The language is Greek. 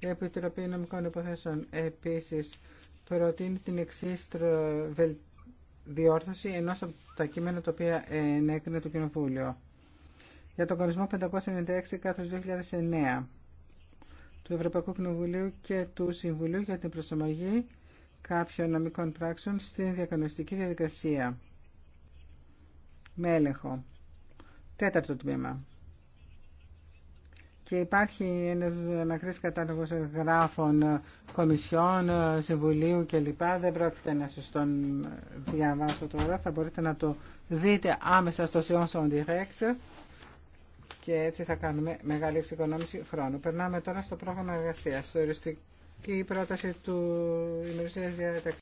Η Επιτροπή Νομικών Υποθέσεων επίση προτείνει την εξή διόρθωση ενός από τα κείμενα τα οποία ενέκρινε το Κοινοβούλιο. Για τον κανονισμό 596 κάθος 2009 του Ευρωπαϊκού Κοινοβουλίου και του Συμβουλίου για την προσαρμογή κάποιων νομικών πράξεων στην διακανονιστική διαδικασία. Με έλεγχο. Τέταρτο τμήμα και υπάρχει ένας μακρύς κατάλογος γράφων ε, κομισιών, ε, συμβουλίου κλπ. Δεν πρόκειται να σας τον ε, διαβάσω τώρα. Θα μπορείτε να το δείτε άμεσα στο Sion on Direct και έτσι θα κάνουμε μεγάλη εξοικονόμηση χρόνου. Περνάμε τώρα στο πρόγραμμα εργασίας, στο οριστική πρόταση του ημερησίας